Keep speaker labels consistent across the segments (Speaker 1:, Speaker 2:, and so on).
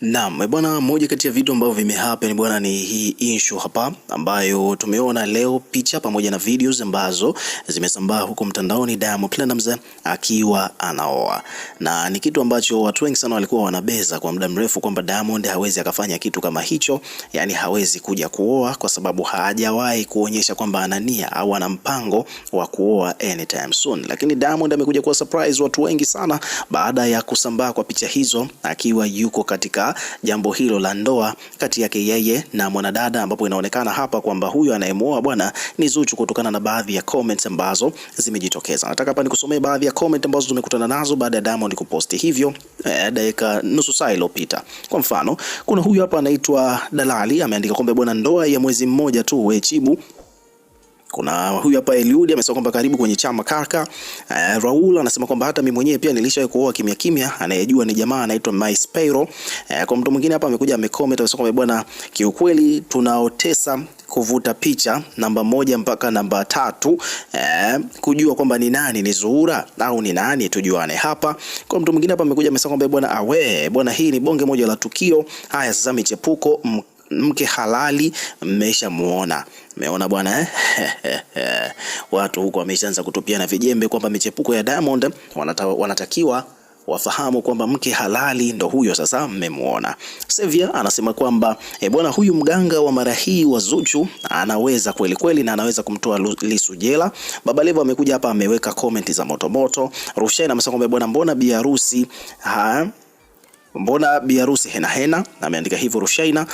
Speaker 1: Naam, eh, bwana, moja kati ya vitu ambavyo vimehappen bwana ni hii issue hapa ambayo tumeona leo picha pamoja na videos ambazo zimesambaa huko mtandaoni, Diamond Platnumz akiwa anaoa, na ni kitu ambacho watu wengi sana walikuwa wanabeza kwa muda mrefu kwamba Diamond hawezi akafanya kitu kama hicho, yani hawezi kuja kuoa kwa sababu hajawahi kuonyesha kwamba ana nia au ana mpango wa kuoa anytime soon, lakini Diamond amekuja kwa surprise watu wengi sana baada ya kusambaa kwa picha hizo akiwa yuko katika jambo hilo la ndoa kati yake yeye na mwanadada, ambapo inaonekana hapa kwamba huyu anayemuoa bwana ni Zuchu, kutokana na baadhi ya comments ambazo zimejitokeza. Nataka hapa nikusomee baadhi ya comment ambazo tumekutana nazo baada ya Diamond kuposti hivyo eh, dakika nusu saa iliyopita. Kwa mfano, kuna huyu hapa anaitwa Dalali ameandika kwamba bwana, ndoa ya mwezi mmoja tu wechibu kuna huyu hapa Eliudi amesema kwamba karibu kwenye chama kaka. Uh, eh, Raul anasema kwamba hata mimi mwenyewe pia nilishawahi kuoa kimya kimya, anayejua ni jamaa anaitwa My Spiro. Uh, eh, kwa mtu mwingine hapa amekuja amecomment amesema kwamba bwana, kiukweli tunaotesa kuvuta picha namba moja mpaka namba tatu eh, kujua kwamba ni nani ni Zuhura au ni nani tujuane hapa. Kwa mtu mwingine hapa amekuja amesema kwamba bwana awe bwana, hii ni bonge moja la tukio. Haya sasa michepuko mke halali mmeshamuona. Umeona bwana eh? Watu huko wameshaanza kutupiana vijembe kwamba michepuko ya Diamond wanata, wanatakiwa wafahamu kwamba mke halali ndo huyo sasa mmemuona. Sevia anasema kwamba e, bwana huyu mganga wa mara hii wa Zuchu anaweza kweli kweli na anaweza kumtoa lisu jela. Baba Levo amekuja hapa ameweka comment za motomoto. Rushaina anasema kwamba bwana, mbona bi harusi Mbona biharusi hena hena, ameandika hivyo Rushaina.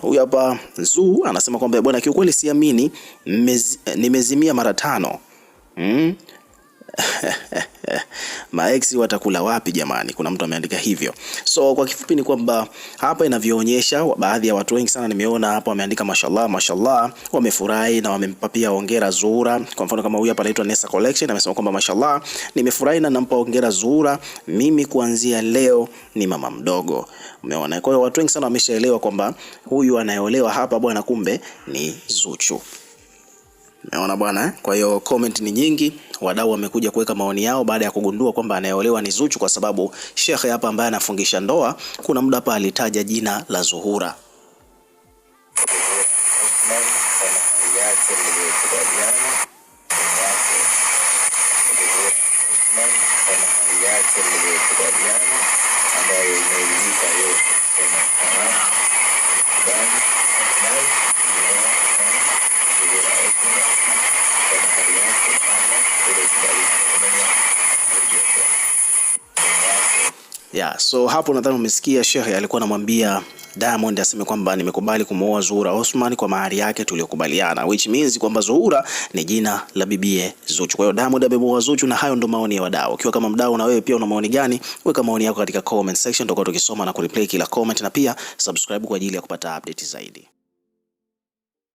Speaker 1: Huyu hapa Zuu anasema kwamba bwana, kiukweli siamini, nimezimia mara tano. Mm. Maeksi watakula wapi jamani? Kuna mtu ameandika hivyo. So kwa kifupi ni kwamba hapa inavyoonyesha, baadhi ya watu wengi sana nimeona hapa wameandika mashallah, mashallah, wamefurahi na wamempapia hongera Zuhura. Kwa mfano kama huyu hapa anaitwa Nessa Collection amesema kwamba mashallah, nimefurahi na nampa hongera Zuhura, mimi kuanzia leo ni mama mdogo. Umeona, kwa hiyo watu wengi sana wameshaelewa kwamba huyu anayeolewa hapa bwana, kumbe ni Zuchu. Umeona bwana eh? Kwa hiyo comment ni nyingi, wadau wamekuja kuweka maoni yao baada ya kugundua kwamba anayeolewa ni Zuchu, kwa sababu shekhe hapa ambaye anafungisha ndoa kuna muda hapa alitaja jina la Zuhura. Yeah, so hapo nadhani umesikia Shehe alikuwa anamwambia Diamond aseme kwamba nimekubali kumwoa Zuhura Osman kwa mahari yake tuliyokubaliana, which means kwamba Zuhura ni jina la bibie Zuchu. Kwa hiyo Diamond amemuoa Zuchu, na hayo ndo maoni ya wadau. Ukiwa kama mdau, na wewe pia una maoni gani? Weka maoni yako katika comment section, tutakuwa tukisoma na kureply kila comment, na pia subscribe kwa ajili ya kupata update zaidi.